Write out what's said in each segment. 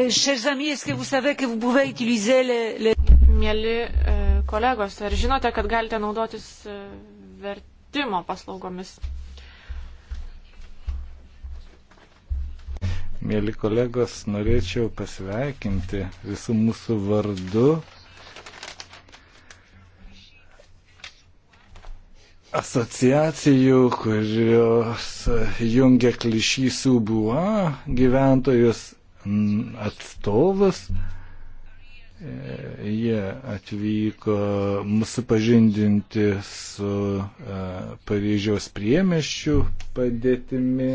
Euh, chers amis, est-ce que vous savez que vous pouvez utiliser les... les... Mėly e, kolegos, ar žinote, kad galite naudotis e, vertimo paslaugomis? Mėly kolegos, norėčiau pasveikinti visų mūsų vardu asociacijų, kurios e, jungia klišys Ubua gyventojus atstovus. E, jie atvyko supažindinti su e, Paryžiaus priemeščių padėtimi.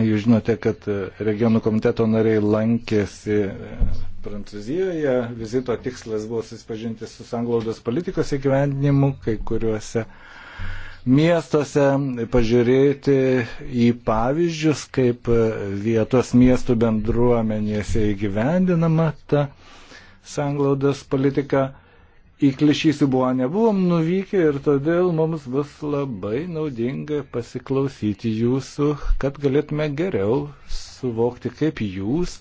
Jūs žinote, kad regionų komiteto nariai lankėsi e, Prancūzijoje. Vizito tikslas buvo susipažinti su sanglaudos politikos įgyvendinimu kai kuriuose uh, miestuose, pažiūrėti į pavyzdžius, kaip vietos miestų bendruomenėse įgyvendinama ta sanglaudos politika. Į klišysį buvo nebuvom nuvykę ir todėl mums bus labai naudinga pasiklausyti jūsų, kad galėtume geriau suvokti, kaip jūs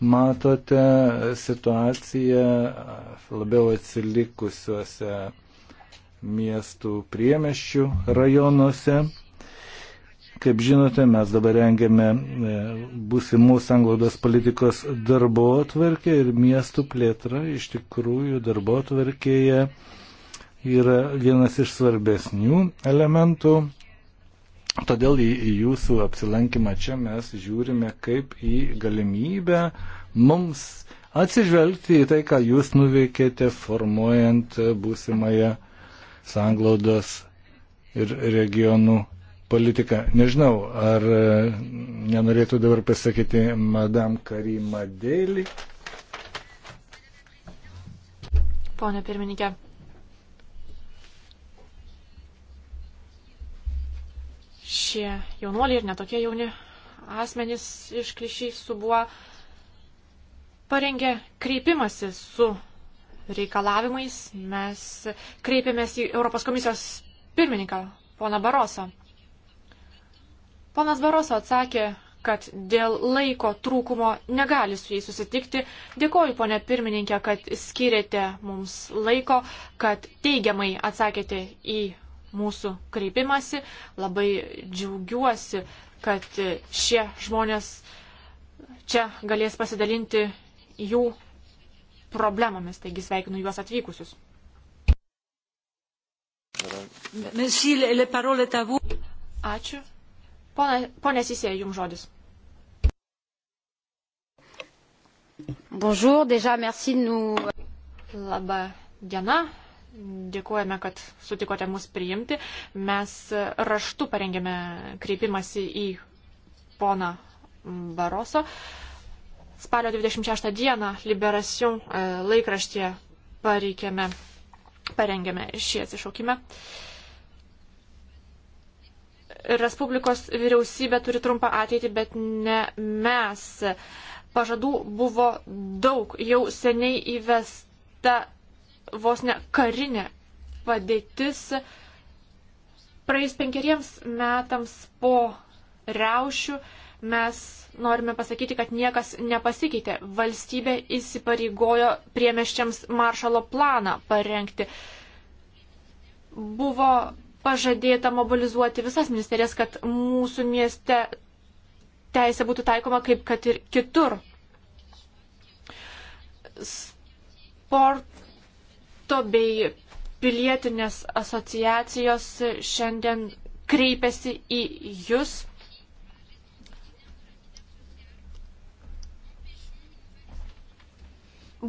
matote situaciją labiau atsilikusiuose miestų priemeščių rajonuose. Kaip žinote, mes dabar rengiame e, būsimus anglodos politikos darbo atverkę ir miestų plėtra iš tikrųjų darbo atverkėje yra vienas iš svarbesnių elementų. Todėl į jūsų apsilankymą čia mes žiūrime kaip į galimybę mums atsižvelgti į tai, ką jūs nuveikėte formuojant būsimąją sanglaudos ir regionų politiką. Nežinau, ar e, nenorėtų dabar pasakyti Madam Karima Dėlį. Pone pirmininkė. Šie jaunuoliai ir netokie jauni asmenys iš klišys su buvo parengė kreipimasi su reikalavimais mes kreipėmės į Europos komisijos pirmininką, poną Baroso. Ponas Baroso atsakė, kad dėl laiko trūkumo negali su jais susitikti. Dėkoju, ponė pirmininkė, kad skirėte mums laiko, kad teigiamai atsakėte į mūsų kreipimąsi. Labai džiaugiuosi, kad šie žmonės čia galės pasidalinti jų problemomis, taigi sveikinu juos atvykusius. Ačiū. Pone Sisė, jums žodis. Bonjour, déjà merci de nous. Labą dieną. Dėkojame, kad sutikote mus priimti. Mes raštu parengėme kreipimąsi į poną Baroso. Uh, Spalio 26 dieną Liberation e, laikraštyje pareikėme, parengėme šį atsišaukimą. Respublikos vyriausybė turi trumpą ateitį, bet ne mes. Pažadų buvo daug, jau seniai įvesta vos ne karinė padėtis. Praėjus penkeriems metams po reušių mes norime pasakyti, kad niekas nepasikeitė. Valstybė įsipareigojo priemeščiams maršalo planą parengti. Buvo pažadėta mobilizuoti visas ministerijas, kad mūsų mieste teisė būtų taikoma kaip kad ir kitur. Sporto bei pilietinės asociacijos šiandien kreipiasi į jūs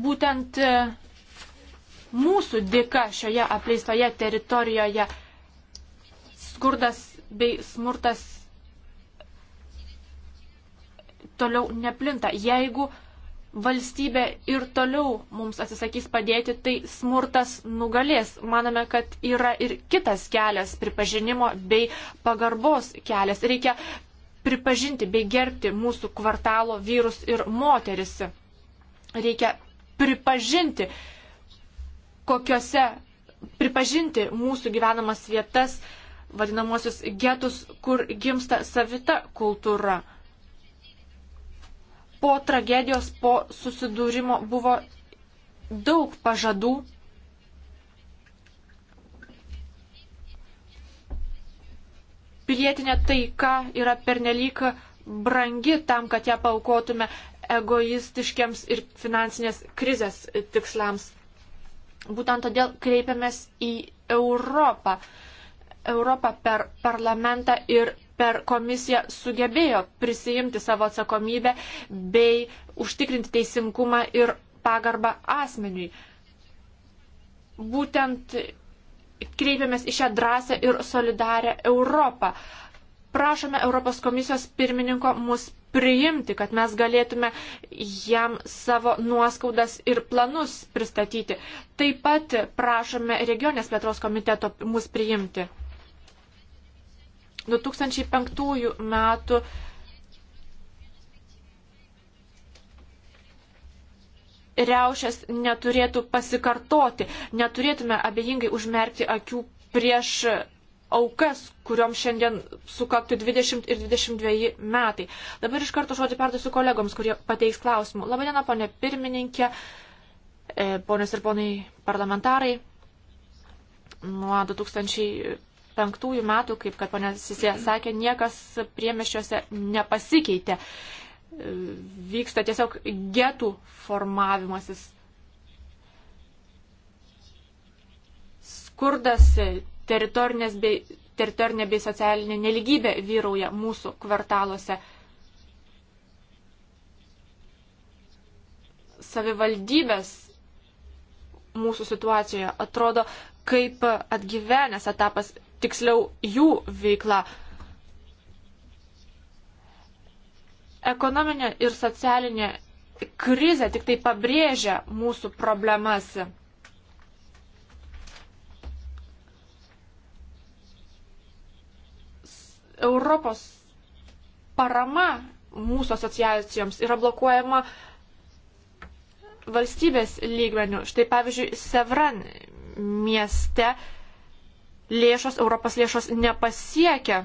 būtent e, mūsų dėka šioje apleistoje teritorijoje skurdas bei smurtas toliau neplinta. Jeigu valstybė ir toliau mums atsisakys padėti, tai smurtas nugalės. Manome, kad yra ir kitas kelias pripažinimo bei pagarbos kelias. Reikia pripažinti bei gerbti mūsų kvartalo vyrus ir moteris. Reikia pripažinti, kokiuose, pripažinti mūsų gyvenamas vietas, vadinamosius getus, kur gimsta savita kultūra. Po tragedijos, po susidūrimo buvo daug pažadų. Pilietinė taika yra pernelyg brangi tam, kad ją paukotume egoistiškiams ir finansinės krizės tikslams. Būtent todėl kreipiamės į Europą. Europą per parlamentą ir per komisiją sugebėjo prisijimti savo atsakomybę bei užtikrinti teisingumą ir pagarbą asmeniui. Būtent kreipiamės į šią drąsę ir solidarę Europą prašome Europos komisijos pirmininko mus priimti, kad mes galėtume jam savo nuoskaudas ir planus pristatyti. Taip pat prašome regionės plėtros komiteto mus priimti. 2005 metų reušės neturėtų pasikartoti. Neturėtume abejingai užmerkti akių prieš aukas, kuriuom šiandien sukaktų 20 ir 22 metai. Dabar iš karto žodį perduosiu kolegoms, kurie pateiks klausimų. Labadiena, ponė pirmininkė, e, ponės ir ponai parlamentarai. Nuo 2005 metų, kaip kad ponė Sisė sakė, niekas priemeščiuose nepasikeitė. E, vyksta tiesiog getų formavimasis. Skurdas, teritorinės bei teritorinė bei socialinė neligybė vyrauja mūsų kvartaluose. Savivaldybės mūsų situacijoje atrodo kaip atgyvenęs etapas, tiksliau jų veikla. Ekonominė ir socialinė krizė tik tai pabrėžia mūsų problemas. Europos parama mūsų asociacijoms yra blokuojama valstybės lygmenių. Štai pavyzdžiui, Sevran mieste lėšos, Europos lėšos nepasiekia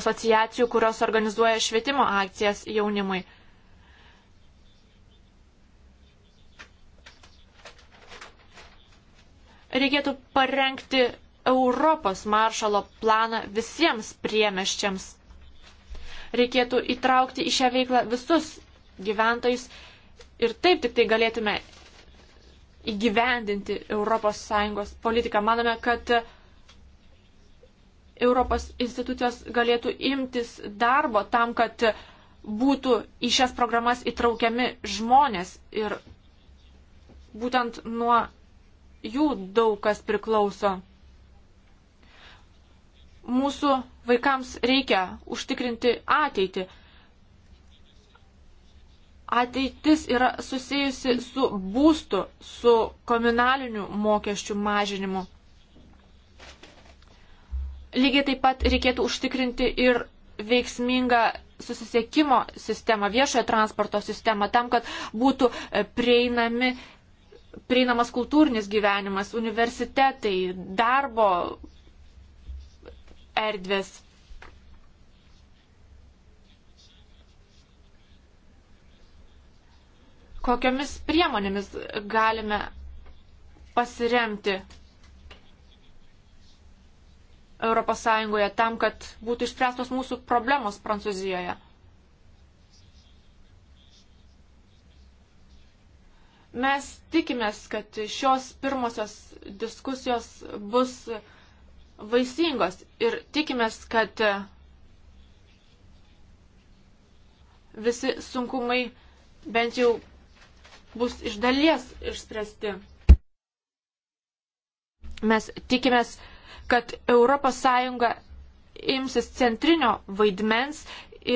asociacijų, kurios organizuoja švietimo akcijas jaunimui. Reikėtų parengti Europos maršalo planą visiems priemeščiams. Reikėtų įtraukti į šią veiklą visus gyventojus ir taip tik tai galėtume įgyvendinti ES politiką. Manome, kad Europos institucijos galėtų imtis darbo tam, kad būtų į šias programas įtraukiami žmonės ir būtent nuo jų daug kas priklauso. Mūsų vaikams reikia užtikrinti ateitį. Ateitis yra susijusi su būstu, su komunaliniu mokesčių mažinimu. Lygiai taip pat reikėtų užtikrinti ir veiksmingą susisiekimo sistemą, viešojo transporto sistemą, tam, kad būtų e, prieinami, prieinamas kultūrinis gyvenimas, universitetai, darbo erdvės. Kokiomis priemonėmis galime pasiremti ES tam, kad būtų išspręstos mūsų problemos Prancūzijoje? Mes tikimės, kad šios pirmosios diskusijos bus vaisingos ir tikimės, kad e, visi sunkumai bent jau bus iš dalies išspręsti. Mes tikimės, kad ES imsis centrinio vaidmens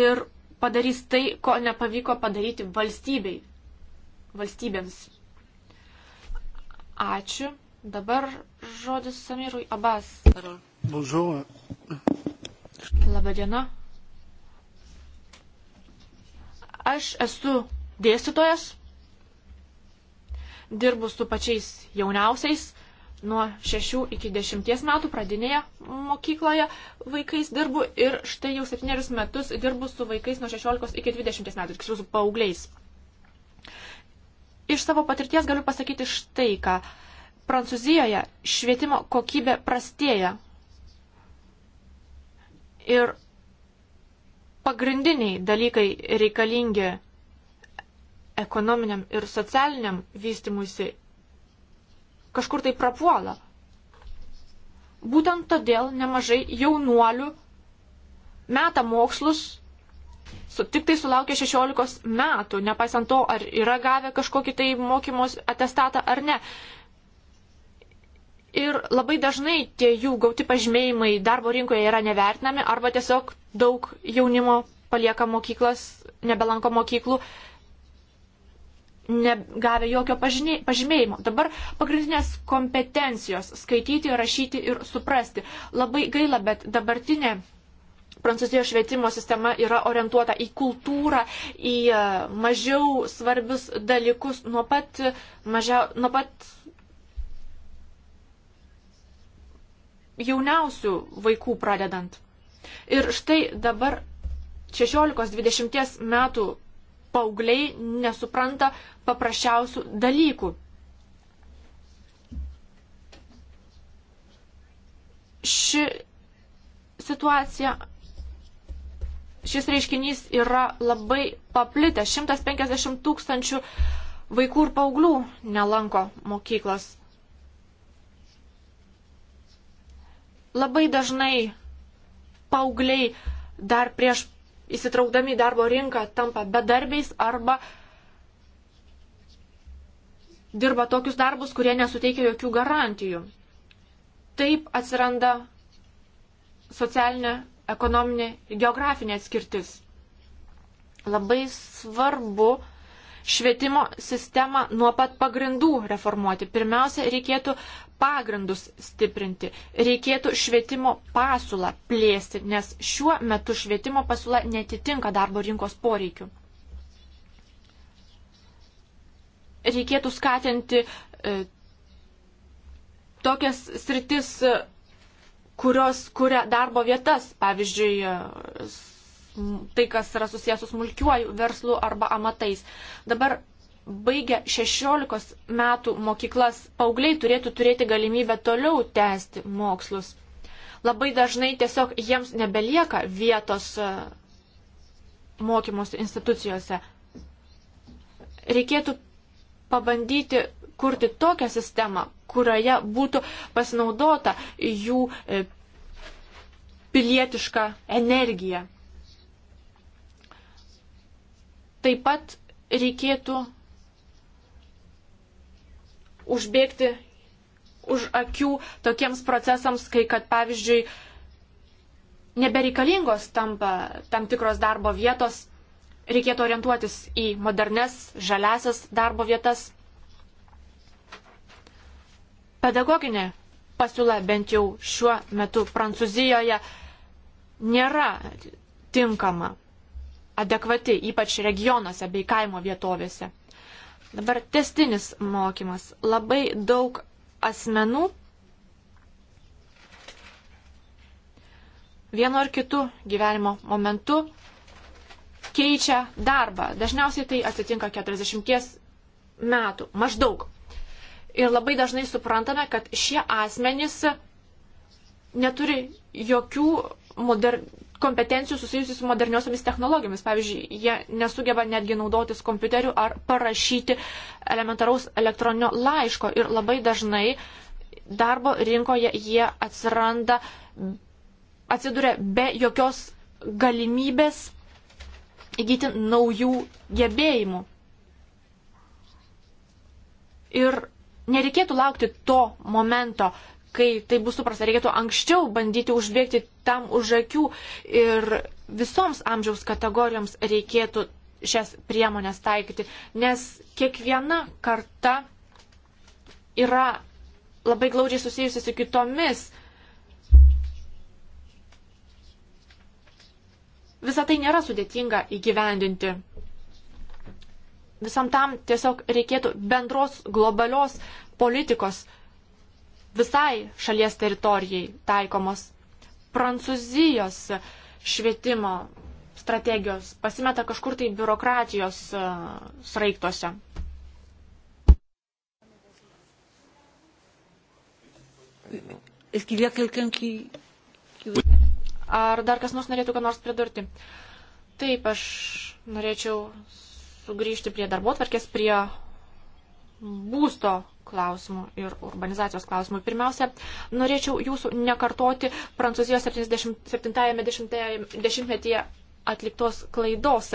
ir padarys tai, ko nepavyko padaryti valstybei, valstybėms. Ačiū. Dabar žodis Samirui Abas. Bonjour. Labadiena. Aš esu dėstytojas, dirbu su pačiais jauniausiais, nuo 6 iki 10 metų pradinėje mokykloje vaikais dirbu ir štai jau 7 metus dirbu su vaikais nuo 16 iki 20 metų, tiksliau su paaugliais. Iš savo patirties galiu pasakyti štai ką. Uh, Prancūzijoje švietimo kokybė prastėja. Ir pagrindiniai dalykai reikalingi ekonominiam ir socialiniam vystimuisi kažkur tai prapuola. Būtent todėl nemažai jaunuolių meta mokslus, su, tik tai sulaukia 16 metų, nepaisant to, ar yra gavę kažkokį tai mokymos atestatą ar ne ir labai dažnai tie jų gauti pažymėjimai darbo rinkoje yra nevertinami arba tiesiog daug jaunimo palieka mokyklas, nebelanko mokyklų, negavę jokio pažymėjimo. Dabar pagrindinės kompetencijos - skaityti, rašyti ir suprasti. Labai gaila, bet dabartinė Prancūzijos švietimo sistema yra orientuota į kultūrą, į e, mažiau svarbius dalykus nuo pat, mažia, nuo pat jauniausių vaikų pradedant. Ir štai dabar 16-20 metų paaugliai nesupranta paprasčiausių dalykų. Ši situacija, šis reiškinys yra labai paplitęs. 150 tūkstančių vaikų ir paauglių nelanko mokyklos. Labai dažnai paaugliai dar prieš įsitraukdami į darbo rinką tampa bedarbiais arba dirba tokius darbus, kurie nesuteikia jokių garantijų. Taip atsiranda socialinė, ekonominė ir geografinė atskirtis. Labai svarbu, švietimo sistemą nuo pat pagrindų reformuoti. Pirmiausia, reikėtų pagrindus stiprinti, reikėtų švietimo pasiūlą plėsti, nes šiuo metu švietimo pasiūla netitinka darbo rinkos poreikių. Reikėtų skatinti e, tokias sritis, e, kurios kuria darbo vietas, pavyzdžiui, e, tai, kas yra susijęs su smulkiuoju verslu arba amatais. Dabar baigę 16 metų mokyklas, paaugliai turėtų turėti galimybę toliau tęsti mokslus. Labai dažnai tiesiog jiems nebelieka vietos e, mokymosi institucijose. Reikėtų pabandyti kurti tokią sistemą, kurioje būtų pasinaudota jų e, pilietiška energija. Taip pat reikėtų užbėgti už akių tokiems procesams, kai kad pavyzdžiui nebereikalingos tampa tam tikros darbo vietos, reikėtų orientuotis į modernes, žaliasias darbo vietas. Pedagoginė pasiūla bent jau šiuo metu Prancūzijoje nėra tinkama adekvati, ypač regionuose bei kaimo vietovėse. Dabar testinis mokymas. Labai daug asmenų vienu ar kitu gyvenimo momentu keičia darbą. Dažniausiai tai atsitinka 40 metų, maždaug. Ir labai dažnai suprantame, kad šie asmenys neturi jokių moder kompetencijų susijusių su moderniosiomis technologijomis. Pavyzdžiui, jie nesugeba netgi naudotis kompiuteriu ar parašyti elementaraus elektroninio laiško ir labai dažnai darbo rinkoje jie atsiranda, atsiduria be jokios galimybės įgyti naujų gebėjimų. Ir nereikėtų laukti to momento, kai tai bus suprasta, reikėtų anksčiau bandyti užbėgti tam už akių ir visoms amžiaus kategorijoms reikėtų šias priemonės taikyti, nes kiekviena karta yra labai glaudžiai susijusi su kitomis. Visą tai nėra sudėtinga įgyvendinti. Visam tam tiesiog reikėtų bendros globalios politikos visai šalies teritorijai taikomos. Prancūzijos švietimo strategijos pasimeta kažkur tai biurokratijos e, sraigtose. Ar dar kas nors norėtų ką nors pridurti? Taip, aš norėčiau sugrįžti prie darbo tvarkės, prie būsto klausimų ir urbanizacijos klausimų. Pirmiausia, norėčiau jūsų nekartoti Prancūzijos 70-metyje atliktos klaidos.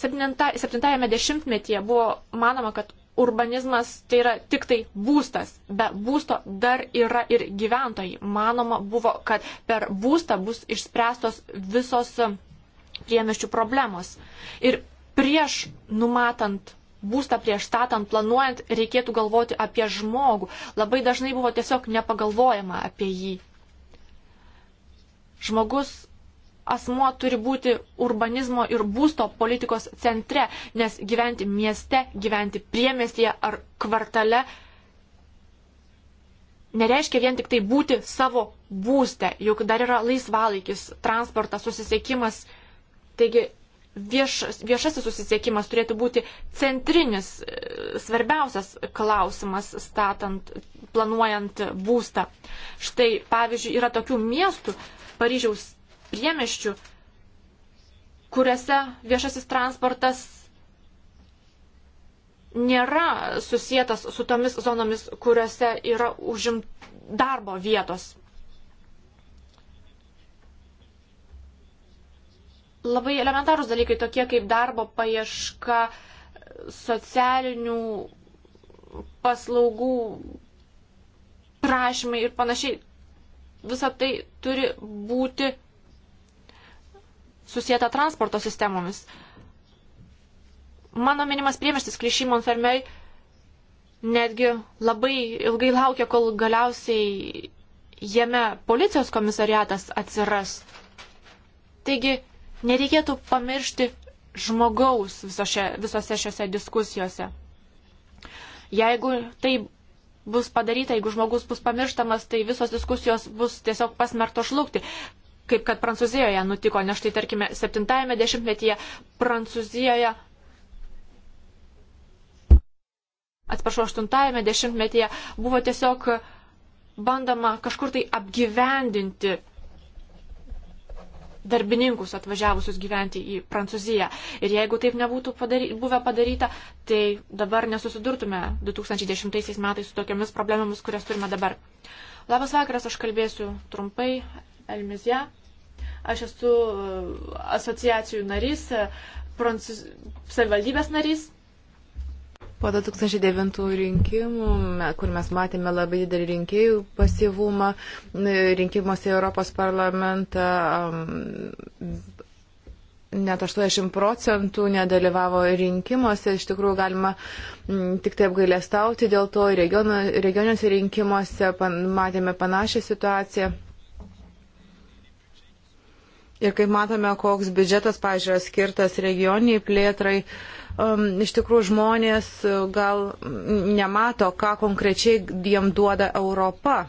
70-metyje 70 buvo manoma, kad urbanizmas tai yra tik tai būstas. Be būsto dar yra ir gyventojai. Manoma buvo, kad per būstą bus išspręstos visos priemeščių problemos. Ir prieš numatant būstą prieš statant, planuojant, reikėtų galvoti apie žmogų. Labai dažnai buvo tiesiog nepagalvojama apie jį. Žmogus asmuo turi būti urbanizmo ir būsto politikos centre, nes gyventi mieste, gyventi priemestėje ar kvartale nereiškia vien tik tai būti savo būste, juk dar yra laisvalaikis, transportas, susisiekimas. Taigi viešas, viešasis susisiekimas turėtų būti centrinis, e, svarbiausias klausimas statant, planuojant būstą. Štai, pavyzdžiui, yra tokių miestų, Paryžiaus priemeščių, kuriuose viešasis transportas nėra susijęs su tomis zonomis, kuriuose yra užim darbo vietos. labai elementarūs dalykai, tokie kaip darbo paieška, socialinių paslaugų prašymai ir panašiai. Visa tai turi būti susijęta transporto sistemomis. Mano minimas priemeštis Klišy Monfermei netgi labai ilgai laukia, kol galiausiai jame policijos komisariatas atsiras. Taigi, Nereikėtų pamiršti žmogaus visose, visose šiose diskusijose. Jeigu tai bus padaryta, jeigu žmogus bus pamirštamas, tai visos diskusijos bus tiesiog pasmerto šlugti. Kaip kad Prancūzijoje nutiko, nes štai tarkime 70-ame dešimtmetyje Prancūzijoje atsiprašau, 8-ame dešimtmetyje buvo tiesiog bandoma kažkur tai apgyvendinti darbininkus atvažiavusius gyventi į Prancūziją. Ir jeigu taip nebūtų padary, buvę padaryta, tai dabar nesusidurtume 2010 metais su tokiamis problemomis, kurias turime dabar. Labas vakaras, aš kalbėsiu trumpai, Elmizija. Aš esu e, asociacijų narys, e, prancūz... savivaldybės narys Po 2009 rinkimų, kur mes matėme labai didelį rinkėjų pasivumą, e, rinkimuose Europos parlamentą net 80 procentų nedalyvavo rinkimuose, iš tikrųjų galima m, tik tai apgailestauti dėl to, regionuose rinkimuose pan, matėme panašią situaciją. Ir kaip matome, koks biudžetas, pažiūrėjau, skirtas regioniai plėtrai, um, iš tikrųjų žmonės uh, gal mm, nemato, ką konkrečiai jiem duoda Europa.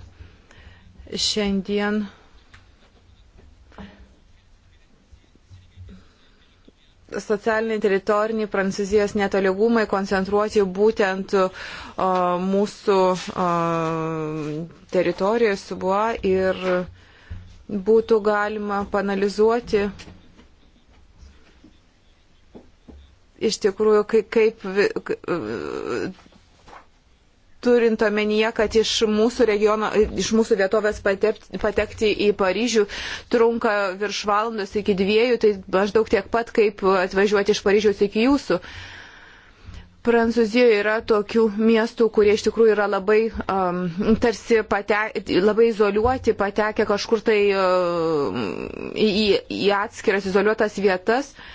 Šiandien. socialiniai teritoriniai Prancūzijos netolygumai koncentruoti būtent o, uh, mūsų o, uh, teritorijoje su buvo ir būtų galima panalizuoti iš tikrųjų kaip, kaip turint omenyje, kad iš mūsų regiono, iš mūsų vietovės patepti, patekti į Paryžių trunka virš valandos iki dviejų, tai maždaug tiek pat, kaip atvažiuoti iš Paryžiaus iki jūsų. Uh, Prancūzijoje yra tokių miestų, kurie iš tikrųjų yra labai um, tarsi pate, labai izoliuoti, patekę kažkur tai um, į, į atskiras izoliuotas vietas. Uh,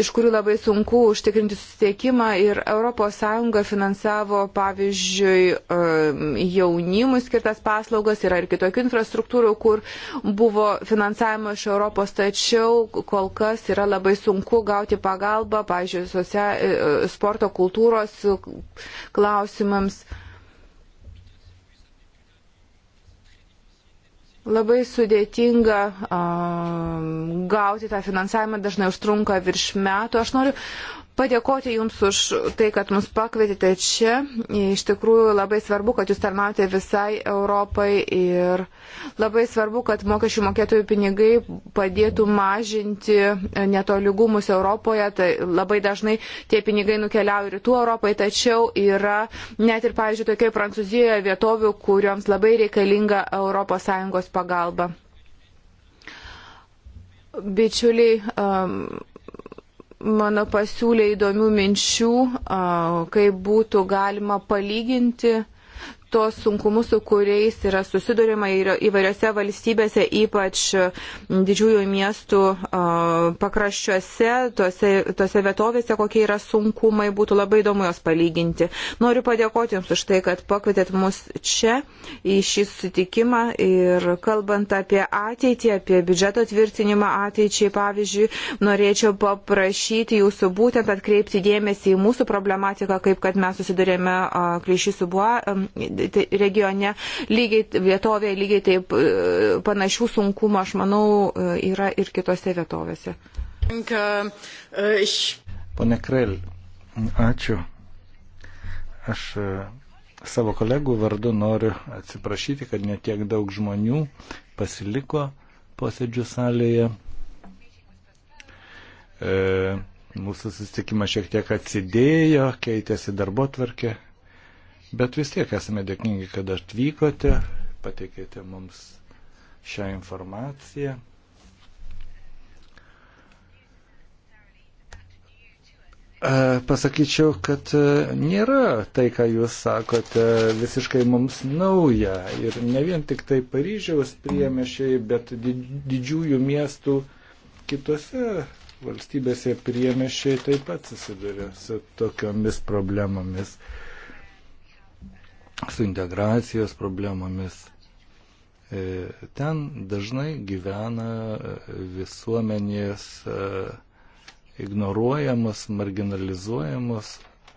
iš kurių labai sunku užtikrinti susisiekimą ir ES finansavo, pavyzdžiui, um, jaunimui skirtas paslaugas, yra ir kitokių infrastruktūrų, kur buvo finansavimo iš Europos, tačiau kol kas yra labai sunku gauti pagalbą, pavyzdžiui, socia, e, e, sporto kultūros klausimams. Labai sudėtinga um, gauti tą finansavimą, dažnai užtrunka virš metų. Aš noriu padėkoti Jums už tai, kad mus pakvietėte čia. Iš tikrųjų labai svarbu, kad Jūs tarnaujate visai Europai ir labai svarbu, kad mokesčių mokėtojų pinigai padėtų mažinti netolygumus Europoje. Tai labai dažnai tie pinigai nukeliauja rytų Europai, tačiau yra net ir, pavyzdžiui, tokia Prancūzijoje vietovių, kurioms labai reikalinga ES pagalba. Bičiuliai, um, mano pasiūlė įdomių minčių, kaip būtų galima palyginti tos sunkumus, su kuriais yra susidurima įvairiose valstybėse, ypač didžiųjų miestų pakraščiuose, tose, tose vietovėse, kokie yra sunkumai, būtų labai įdomu jos palyginti. Noriu padėkoti Jums už tai, kad pakvietėt mus čia į šį sutikimą ir kalbant apie ateitį, apie biudžeto tvirtinimą ateičiai, pavyzdžiui, norėčiau paprašyti Jūsų būtent atkreipti dėmesį į mūsų problematiką, kaip kad mes susidurėme klišį su buo Tai regione, lygiai, vietovėje lygiai taip e, panašių sunkumų, aš manau, e, yra ir kitose vietovėse. Äh, Pane Krell, ačiū. Aš e, savo kolegų vardu noriu atsiprašyti, kad netiek daug žmonių pasiliko posėdžių salėje. E, mūsų susitikimas šiek tiek atsidėjo, keitėsi darbo tvarkė, Bet vis tiek esame dėkingi, kad atvykote, pateikėte mums šią informaciją. Pasakyčiau, kad e, nėra tai, ką jūs sakote, visiškai mums nauja. Ir ne vien tik tai Paryžiaus priemešiai, bet didžiųjų miestų kitose valstybėse priemešiai taip pat susiduria su tokiomis problemomis su integracijos problemomis. E, ten dažnai gyvena e, visuomenės e, ignoruojamos, marginalizuojamos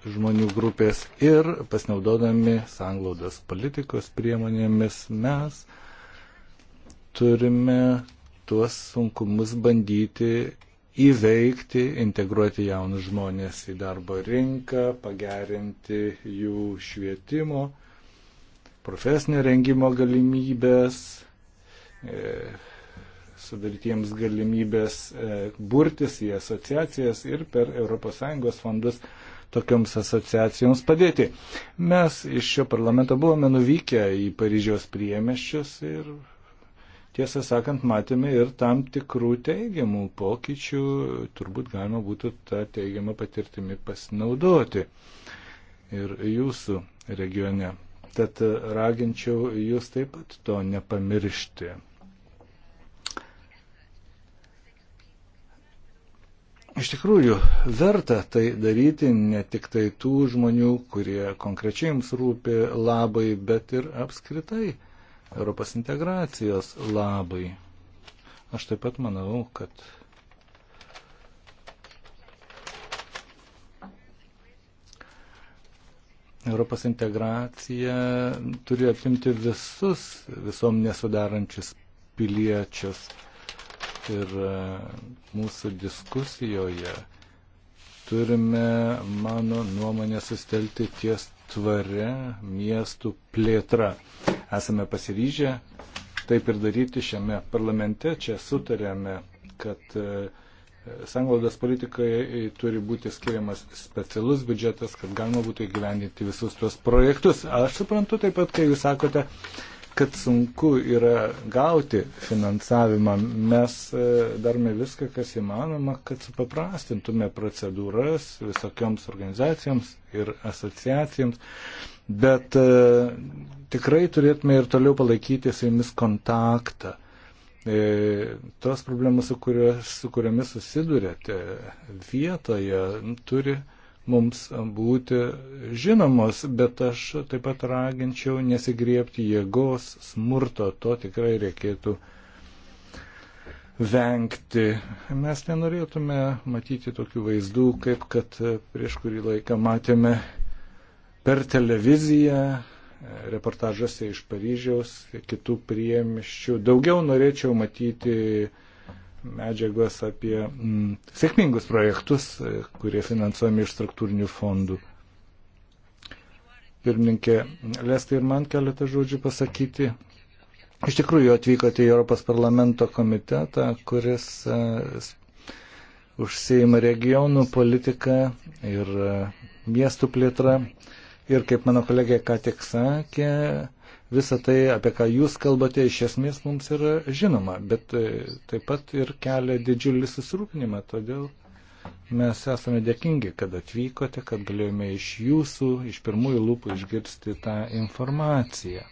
žmonių grupės ir pasinaudodami sanglaudos politikos priemonėmis mes turime tuos sunkumus bandyti įveikti, integruoti jaunus žmonės į darbo rinką, pagerinti jų švietimo profesinio rengimo galimybės, e, sudarytiems galimybės e, burtis į asociacijas ir per ES fondus tokioms asociacijoms padėti. Mes iš šio parlamento buvome nuvykę į Paryžiaus priemeščius ir tiesą sakant matėme ir tam tikrų teigiamų pokyčių, turbūt galima būtų tą teigiamą patirtimį pasinaudoti. Ir jūsų regione Tad raginčiau jūs taip pat to nepamiršti. Iš tikrųjų, verta tai daryti ne tik tai tų žmonių, kurie konkrečiai jums rūpi labai, bet ir apskritai Europos integracijos labai. Aš taip pat manau, kad Europos integracija turi apimti visus visuomenės sudarančius piliečius. Ir e, mūsų diskusijoje turime, mano nuomonė, sustelti ties tvaria miestų plėtra. Esame pasiryžę taip ir daryti šiame parlamente. Čia sutarėme, kad uh, Sanglaudos politikai turi būti skiriamas specialus biudžetas, kad galima būtų įgyvendinti visus tuos projektus. Aš suprantu taip pat, kai jūs sakote, kad sunku yra gauti finansavimą. Mes e, darome viską, kas įmanoma, kad supaprastintume procedūras visokioms organizacijoms ir asociacijoms. Bet e, tikrai turėtume ir toliau palaikyti su jumis kontaktą E, tos problemas, su, kurio, su kuriomis susidurėte vietoje, nu, turi mums būti žinomos, bet aš taip pat raginčiau nesigriepti jėgos, smurto, to tikrai reikėtų vengti. Mes nenorėtume matyti tokių vaizdų, kaip kad prieš kurį laiką matėme per televiziją, reportažuose iš Paryžiaus, kitų priemiščių. Daugiau norėčiau matyti medžiagos apie mm, sėkmingus projektus, e, kurie finansuojami iš struktūrinių fondų. Pirmininkė, leistai ir man keletą žodžių pasakyti. Iš tikrųjų, atvykote į Europos parlamento komitetą, kuris uh, e, užsieima regionų politiką ir uh, miestų plėtrą. Uh, Ir kaip mano kolegė ką tik sakė, visa tai, apie ką jūs kalbate, iš esmės mums yra žinoma, bet e, taip pat ir kelia didžiulį susirūpinimą. Todėl mes esame dėkingi, kad atvykote, kad galėjome iš jūsų, iš pirmųjų lūpų išgirsti tą informaciją.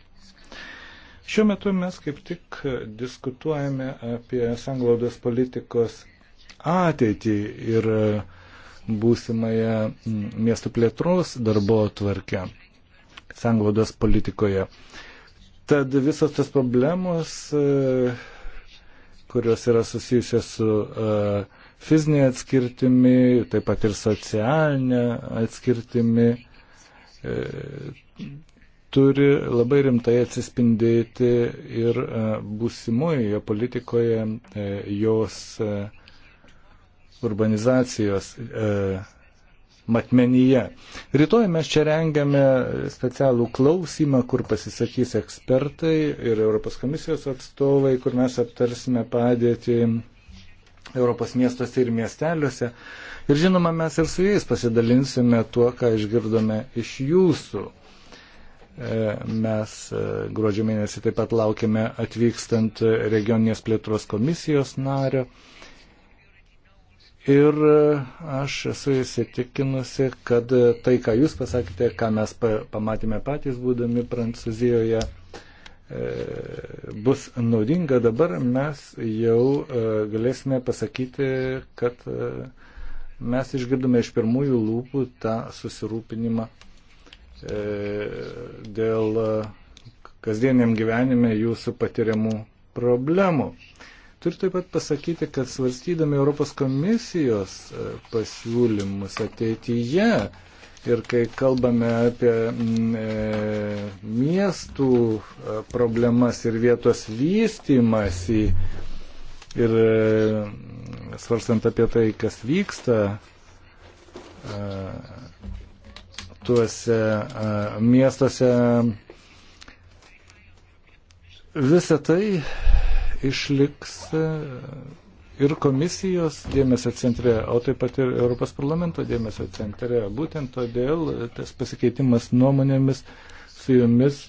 Šiuo metu mes kaip tik diskutuojame apie sanglaudos politikos ateitį ir uh, būsimąją miestų plėtros darbo tvarkę sanglaudos politikoje. Tad visos tos problemos, e, kurios yra susijusios su e, fizinė atskirtimi, taip pat ir socialinė atskirtimi, e, turi labai rimtai atsispindėti ir būsimoje politikoje jos urbanizacijos e, matmenyje. Rytoj mes čia rengiame specialų klausimą, kur pasisakys ekspertai ir Europos komisijos atstovai, kur mes aptarsime padėti Europos miestuose ir miesteliuose. Ir žinoma, mes ir su jais pasidalinsime tuo, ką išgirdome iš jūsų. E, mes e, gruodžio mėnesį taip pat laukime atvykstant regioninės plėtros komisijos nario. Ir e, aš esu įsitikinusi, kad e, tai, ką jūs pasakėte, ką mes pamatėme patys būdami Prancūzijoje, e, bus naudinga. Dabar mes jau galėsime pasakyti, kad mes išgirdome iš pirmųjų lūpų tą susirūpinimą dėl kasdieniam gyvenime jūsų patiriamų problemų. Turiu taip pat pasakyti, kad svarstydami Europos komisijos e, pasiūlymus ateityje ir kai kalbame apie mm, e, miestų e, problemas ir vietos vystymasi ir e, svarstant apie tai, kas vyksta e, tuose e, miestuose, visa tai išliks e, ir komisijos dėmesio centre, o taip pat ir Europos parlamento dėmesio centre. Būtent todėl tas pasikeitimas nuomonėmis su jumis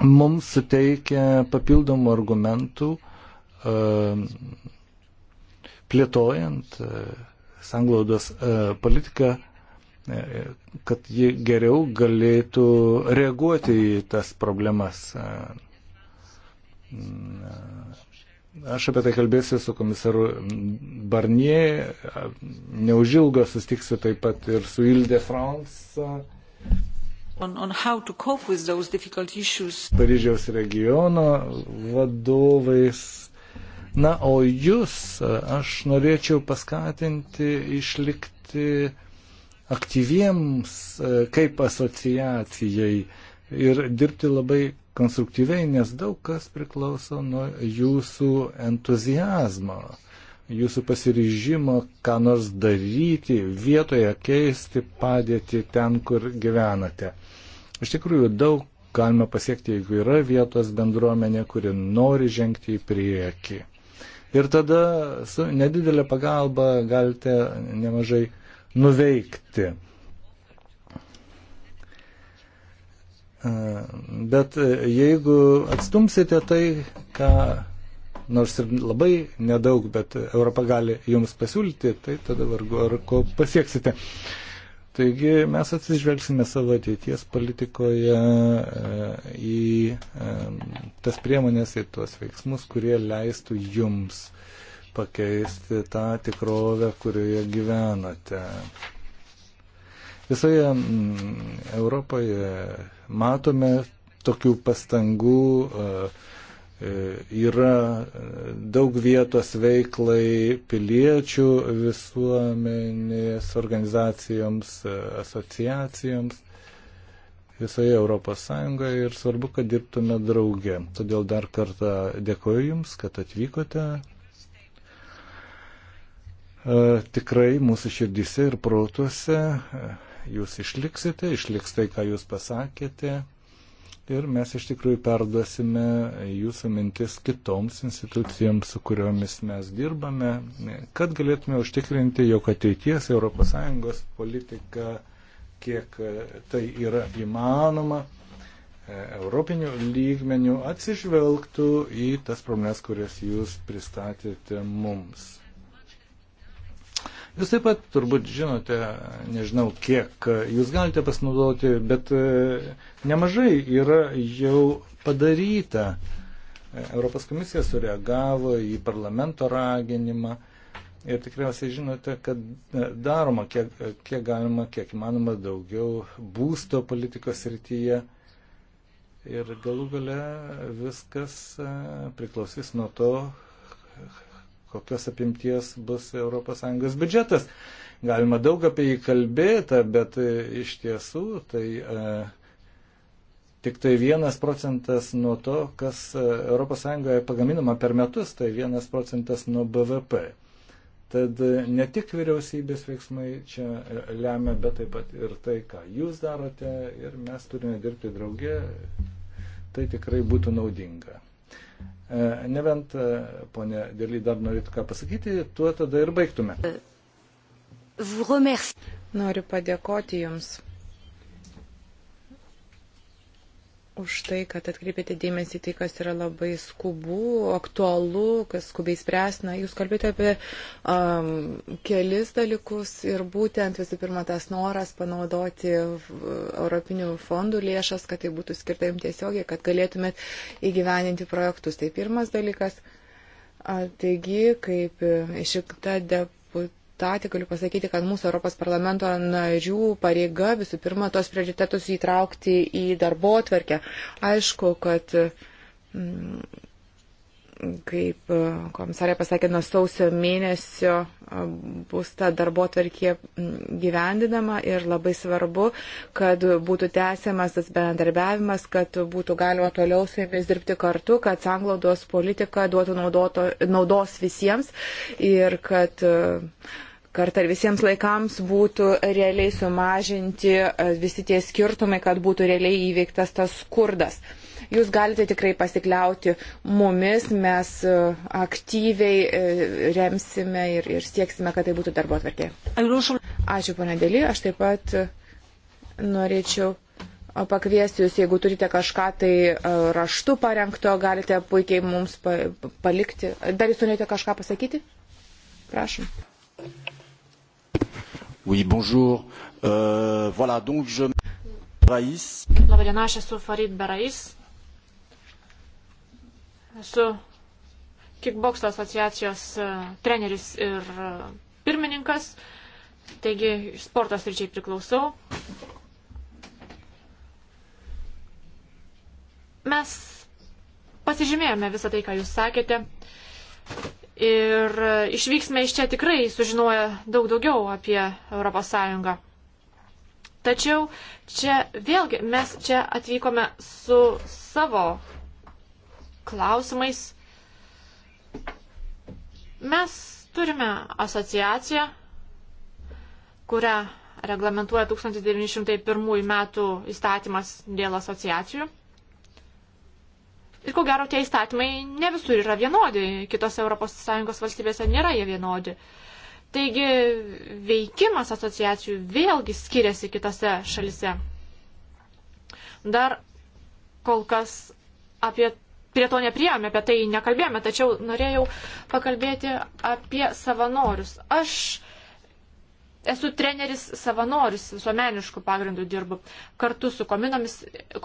mums suteikia papildomų argumentų e, plėtojant e, sanglaudos politiką, kad ji geriau galėtų reaguoti į tas problemas. Aš apie tai kalbėsiu su komisaru Barnie, neužilgo sustiksiu taip pat ir su Ilde France. On, on Paryžiaus regiono vadovais. Na, o jūs aš norėčiau paskatinti išlikti aktyviems e, kaip asociacijai ir dirbti labai konstruktyviai, nes daug kas priklauso nuo jūsų entuzijazmo, jūsų pasiryžimo, ką nors daryti, vietoje keisti padėti ten, kur gyvenate. Iš tikrųjų, daug galima pasiekti, jeigu yra vietos bendruomenė, kuri nori žengti į priekį. Ir tada su nedidelė pagalba galite nemažai nuveikti. Bet e, jeigu atstumsite tai, ką nors ir labai nedaug, bet Europa gali jums pasiūlyti, tai tada vargu ar ko pasieksite. Taigi mes atsižvelgsime savo ateities politikoje e, į e, tas priemonės, į tuos veiksmus, kurie leistų jums pakeisti tą tikrovę, kurioje gyvenate. Visoje mm, Europoje matome tokių pastangų, e, e, yra e, daug vietos veiklai piliečių visuomenės organizacijoms, asociacijoms visoje Europos Sąjungoje ir svarbu, kad dirbtume drauge. Todėl dar kartą dėkoju Jums, kad atvykote. E, tikrai mūsų širdise ir protuose jūs išliksite, išliks tai, ką jūs pasakėte. Ir mes iš tikrųjų perduosime jūsų mintis kitoms institucijoms, su kuriomis mes dirbame, kad galėtume užtikrinti, jog ateities ES politika, kiek tai yra įmanoma, europinių lygmenių atsižvelgtų į tas problemas, kurias jūs pristatėte mums. Jūs taip pat turbūt žinote, nežinau kiek jūs galite pasinaudoti, bet e, nemažai yra jau padaryta. Europos komisija sureagavo į parlamento raginimą ir tikriausiai žinote, kad e, daroma kiek, kiek galima, kiek įmanoma daugiau būsto politikos rytyje. Ir galų gale viskas e, priklausys nuo to, kokios apimties bus ES biudžetas. Galima daug apie jį kalbėti, bet e, iš tiesų tai e, tik tai vienas procentas nuo to, kas e, ES pagaminama per metus, tai vienas procentas nuo BVP. Tad e, ne tik vyriausybės veiksmai čia lemia, bet taip pat ir tai, ką jūs darote ir mes turime dirbti draugė, tai tikrai būtų naudinga. E, nebent, e, ponė Dėly, dar norit ką pasakyti, tuo tada ir baigtume. Noriu padėkoti Jums už tai, kad atkreipėte dėmesį tai, kas yra labai skubu, aktualu, kas skubiai spręsna. Jūs kalbėjote apie um, kelis dalykus ir būtent visų pirma tas noras panaudoti Europinių fondų lėšas, kad tai būtų skirta jums tiesiogiai, kad galėtumėt įgyveninti projektus. Tai pirmas dalykas. Taigi, kaip išikta deputacija deputatė, galiu pasakyti, kad mūsų Europos parlamento narių pareiga visų pirma tos prioritetus įtraukti į darbo atverkę. Aišku, kad. Mm, kaip e, komisarė pasakė, nuo sausio mėnesio e, bus ta darbo tvarkė mm, gyvendinama ir labai svarbu, kad būtų tęsiamas tas bendarbiavimas, kad būtų galima toliau su jomis dirbti kartu, kad sanglaudos politika duotų naudoto, naudos visiems ir kad uh, kartą ir visiems laikams būtų realiai sumažinti e, visi tie skirtumai, kad būtų realiai įveiktas tas skurdas. Jūs galite tikrai pasikliauti mumis, mes e, aktyviai e, remsime ir, ir sieksime, kad tai būtų darbo atvarkė. Ačiū, pana Dėly, aš taip pat norėčiau pakviesti jūs, jeigu turite kažką tai raštu parengto, galite puikiai mums palikti. Dar jūs norėjote kažką pasakyti? Prašom. Oui, bonjour. Euh, voilà, donc je... Rais. Labadiena, aš esu Farid Berais. Esu kickbokso asociacijos e, treneris ir e, pirmininkas. Taigi, sportos ryčiai priklausau. Mes pasižymėjome visą tai, ką jūs sakėte ir išvyksime iš čia tikrai sužinoję daug daugiau apie ES. Tačiau čia vėlgi mes čia atvykome su savo klausimais. Mes turime asociaciją, kurią reglamentuoja 1901 metų įstatymas dėl asociacijų. Ir ko gero, tie įstatymai ne visur yra vienodi, kitose ES valstybėse nėra jie vienodi. Taigi veikimas asociacijų vėlgi skiriasi kitose šalise. Dar kol kas apie, prie to neprijome, apie tai nekalbėjome, tačiau norėjau pakalbėti apie savanorius. Aš uh, Esu treneris savanoris, visuomeniškų pagrindų dirbu. Kartu su komunomis,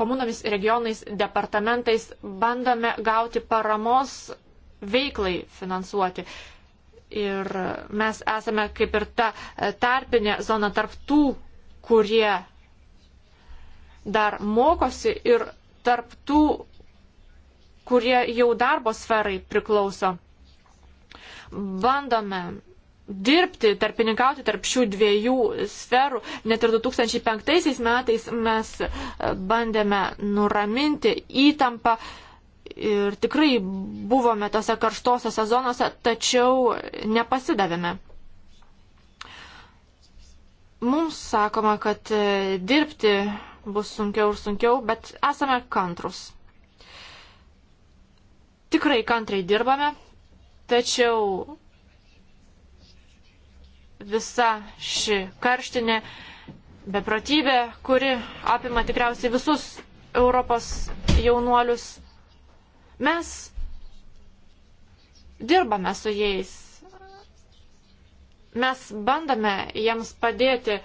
komunomis, regionais, departamentais bandome gauti paramos veiklai finansuoti. Ir mes esame kaip ir ta tarpinė zona tarp tų, kurie dar mokosi ir tarp tų, kurie jau darbo sferai priklauso. Bandome dirbti, tarpininkauti tarp šių dviejų sferų. Net ir 2005 metais mes e, bandėme nuraminti įtampą ir tikrai buvome tose karštose sezonuose, tačiau nepasidavėme. Mums sakoma, kad e, dirbti bus sunkiau ir sunkiau, bet esame kantrus. Tikrai kantriai dirbame, tačiau visa ši karštinė, beprotybė, kuri apima tikriausiai visus Europos jaunuolius. Mes dirbame su jais. Mes bandome jiems padėti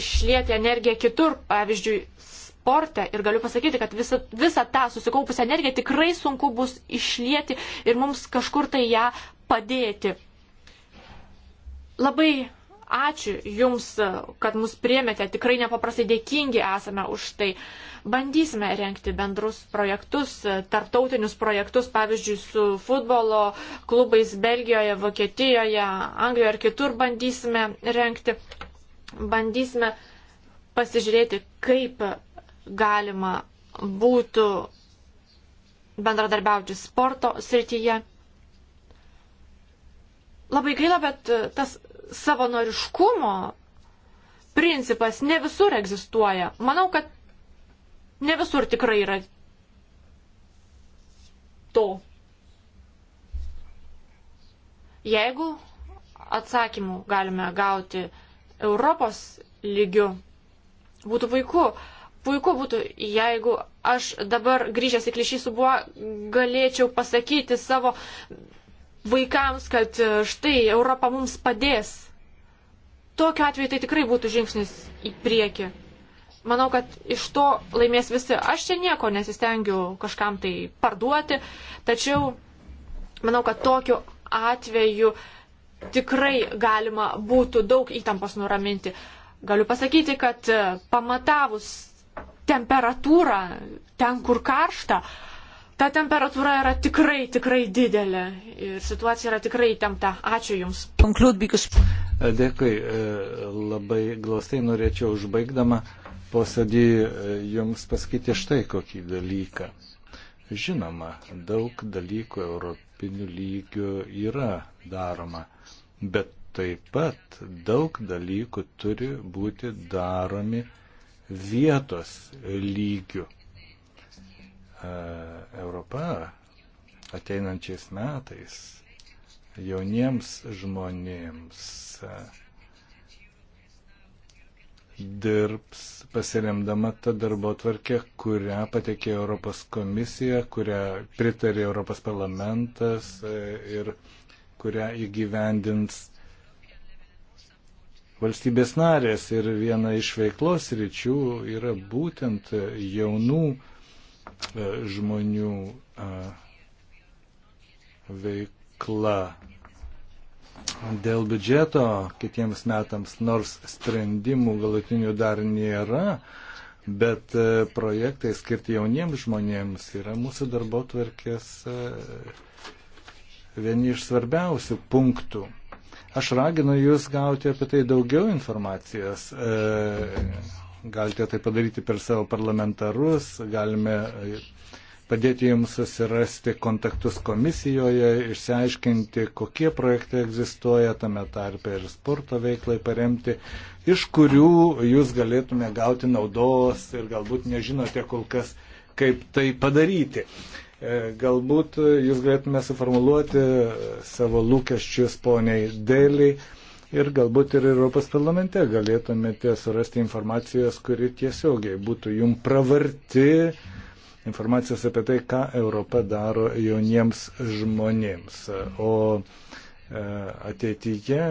išlėti energiją kitur, pavyzdžiui, sporte ir galiu pasakyti, kad visą, visą tą susikaupusią energiją tikrai sunku bus išlėti ir mums kažkur tai ją padėti. Labai ačiū Jums, kad mus priemėte, tikrai nepaprastai dėkingi esame už tai. Bandysime renkti bendrus projektus, tarptautinius projektus, pavyzdžiui, su futbolo klubais Belgijoje, Vokietijoje, Anglijoje ar kitur bandysime renkti. Bandysime pasižiūrėti, kaip galima būtų bendradarbiauti sporto srityje. Labai gaila, bet tas savanoriškumo principas ne visur egzistuoja. Manau, kad ne visur tikrai yra to. Jeigu atsakymų galime gauti Europos lygiu, būtų puiku. Puiku būtų, jeigu aš dabar grįžęs į klišį su buvo, galėčiau pasakyti savo vaikams, kad e, štai Europa mums padės. Tokiu atveju tai tikrai būtų žingsnis į priekį. Manau, kad iš to laimės visi. Aš čia nieko nesistengiu kažkam tai parduoti, tačiau manau, kad tokiu atveju tikrai galima būtų daug įtampos nuraminti. Galiu pasakyti, kad e, pamatavus temperatūrą ten, kur karšta, uh, ta temperatūra yra tikrai, tikrai didelė ir situacija yra tikrai įtempta. Ačiū Jums. E, dėkui, e, labai glaustai norėčiau užbaigdama posėdį e, Jums pasakyti štai kokį dalyką. Žinoma, daug dalykų europinių lygių yra daroma, bet taip pat daug dalykų turi būti daromi vietos lygių E, Europa ateinančiais metais jauniems žmonėms e, dirbs pasiremdama tą darbo tvarkę, kurią patekė Europos komisija, kurią pritarė Europos parlamentas e, ir kurią įgyvendins valstybės narės ir viena iš veiklos ryčių yra būtent jaunų E, žmonių e, veikla. Dėl biudžeto kitiems metams, nors sprendimų galutinių dar nėra, bet e, projektai skirti jauniems žmonėms yra mūsų darbo tvarkės vieni iš svarbiausių punktų. Aš raginu Jūs gauti apie tai daugiau informacijos. E, galite tai padaryti per savo parlamentarus, galime padėti jums susirasti kontaktus komisijoje, išsiaiškinti, kokie projektai egzistuoja tame tarpe ir sporto veiklai paremti, iš kurių jūs galėtume gauti naudos ir galbūt nežinote kol kas, kaip tai padaryti. E, galbūt jūs galėtume suformuluoti savo lūkesčius poniai dėliai ir galbūt ir Europos parlamente galėtumėte surasti informacijos, kuri tiesiogiai būtų jum pravarti, informacijos apie tai, ką Europa daro jauniems žmonėms. O e, ateityje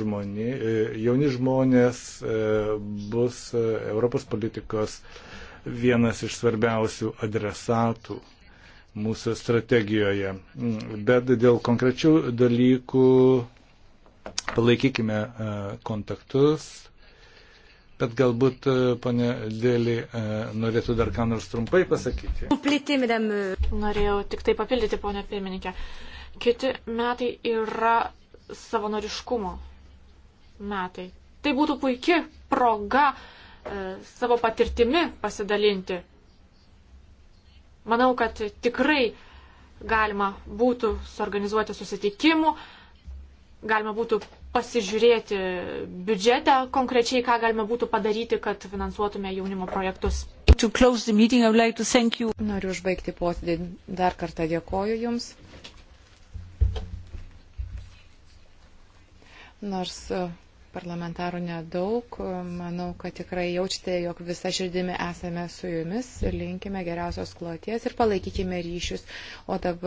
žmonė, e, jauni žmonės e, bus Europos politikos vienas iš svarbiausių adresatų mūsų strategijoje. Mm, bet dėl konkrečių dalykų palaikykime e, kontaktus, bet galbūt e, ponė Dėlį e, norėtų dar ką nors trumpai pasakyti. Norėjau tik tai papildyti, ponė pirmininkė. Kiti metai yra savanoriškumo metai. Tai būtų puikia proga e, savo patirtimi pasidalinti. Manau, kad tikrai galima būtų suorganizuoti susitikimų, galima būtų pasižiūrėti biudžete konkrečiai, ką galime būtų padaryti, kad finansuotume jaunimo projektus. Meeting, like Noriu užbaigti posėdį. Dar kartą dėkoju Jums. Nors e, parlamentarų nedaug, e, manau, kad tikrai jaučiate, jog visa širdimi esame su Jumis, linkime geriausios kloties ir palaikykime ryšius. O dabar.